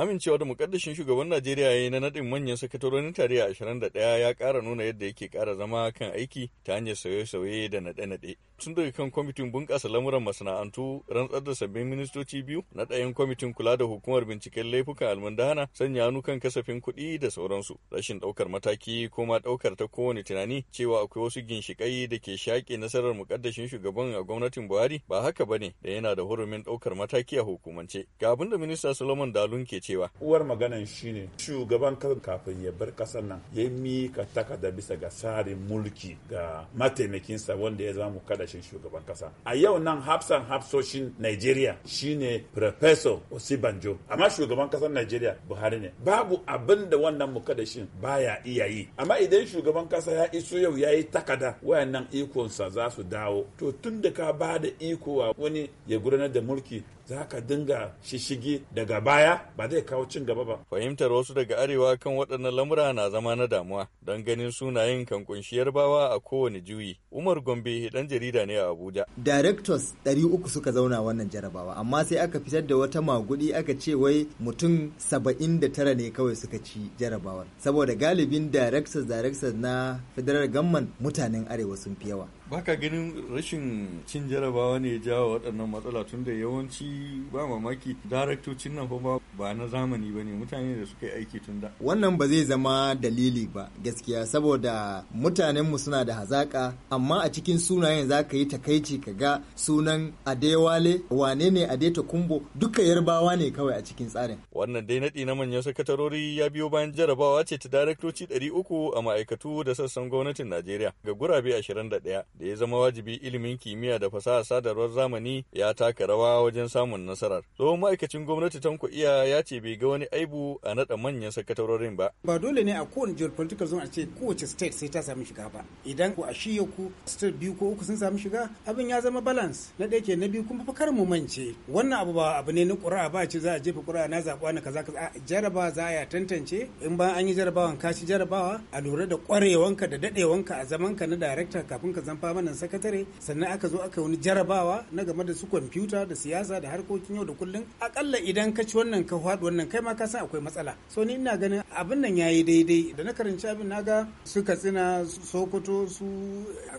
Amincewa da mukaddashin shugaban Najeriya ya yi na naɗin manyan ashirin tarayya ɗaya ya ƙara nuna yadda yake ƙara zama kan aiki ta hanyar sauye-sauye da naɗe-naɗe. Sun daga kan kwamitin bunƙasa lamuran masana'antu rantsar da sabbin ministoci biyu na ɗayan kwamitin kula da hukumar binciken laifukan almundahana sanya hannu kan kasafin kuɗi da sauransu. Rashin ɗaukar mataki ko ma ɗaukar ta kowane tunani cewa akwai wasu ginshiƙai da ke shaƙe nasarar mukaddashin shugaban a gwamnatin Buhari ba haka ba ne da yana da hurumin ɗaukar mataki a hukumance. Ga abin da minista Solomon Dalun ke ce cewa uwar maganan shine shugaban kan kafin ya bar kasar nan ya mika takarda bisa ga tsarin mulki ga mataimakinsa wanda ya zama kadashin shugaban kasa a yau nan hafsan hafsoshin nigeria shine Professor Osibanjo amma shugaban kasar nigeria Buhari ne babu abin da wannan mukadashin baya iya yi amma idan shugaban kasa ya iso yau ya yi takada wayannan ikonsa za su dawo to tun da ka ba da iko wa wani ya gudanar da mulki za ka dinga shishigi daga baya ba zai kawo cin gaba ba. Fahimtar wasu daga arewa kan waɗannan lamura na zama na damuwa don ganin sunayen kan kunshiyar bawa a kowane juyi. Umar Gombe dan jarida ne a Abuja. Directors ɗari uku suka zauna wannan jarabawa amma sai aka fitar da wata maguɗi aka ce wai mutum saba'in da tara ne kawai suka ci jarabawar. Saboda galibin directors directors na federal government mutanen arewa sun fi yawa. baka ganin rashin cin jarabawa ne jawo waɗannan matsala tun da yawanci ba mamaki daraktocin nan ba ba na zamani ba ne mutane da suka yi aiki tun da wannan ba zai zama dalili ba gaskiya saboda mutanenmu suna da hazaka amma a cikin sunayen za ka yi takaici ka ga sunan adewale wane ne adeta kumbo duka yarbawa ne kawai a cikin tsarin wannan dai naɗi na manyan sakatarori ya biyo bayan jarabawa ce ta daraktoci 300 a ma'aikatu da sassan gwamnatin najeriya ga gurabe 21 da ya zama wajibi ilimin kimiyya da fasaha sadarwar zamani ya taka rawa wajen samun nasarar. Tsohon ma'aikacin gwamnati Tanko Iya ya ce bai ga wani aibu a naɗa manyan sakatarorin ba. Ba dole ne a kowane geopolitical zone a ce kowace state sai ta sami shiga ba. Idan ko a ya ku state biyu ko uku sun sami shiga abin ya zama balance na ɗaya ke na biyu kuma fakar mu mance. Wannan abu ba abu ne na ƙura ba ce za a jefa ƙura na zaɓuwa na kaza kaza jaraba za a tantance in ba an yi jarabawan ka ci jarabawa a lura da ƙwarewanka da daɗewanka a zamanka na director kafin ka zamfa permanent sakatare sannan aka zo aka wani jarabawa na game da su kwamfuta da siyasa da harkokin yau da kullum akalla idan ka ci wannan ka faɗi wannan kai ma ka san akwai matsala so ni ina ganin abin nan ya yayi daidai da na karanci abin na ga su katsina sokoto su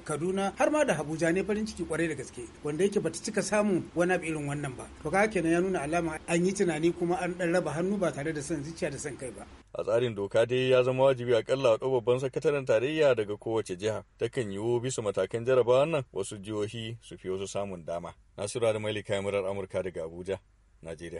kaduna har ma da habuja ne farin ciki kwarai da gaske wanda yake bata cika samun wani abu irin wannan ba to ka kenan ya nuna alama an yi tunani kuma an dan raba hannu ba tare da san zuciya da san kai ba a tsarin doka dai ya zama wajibi a akalla a babban sakataren tarayya daga kowace jiha takan yiwu bisa matakan jarabawan nan wasu jihohi su fi wasu samun dama nasiru da mailika murar amurka daga abuja najeriya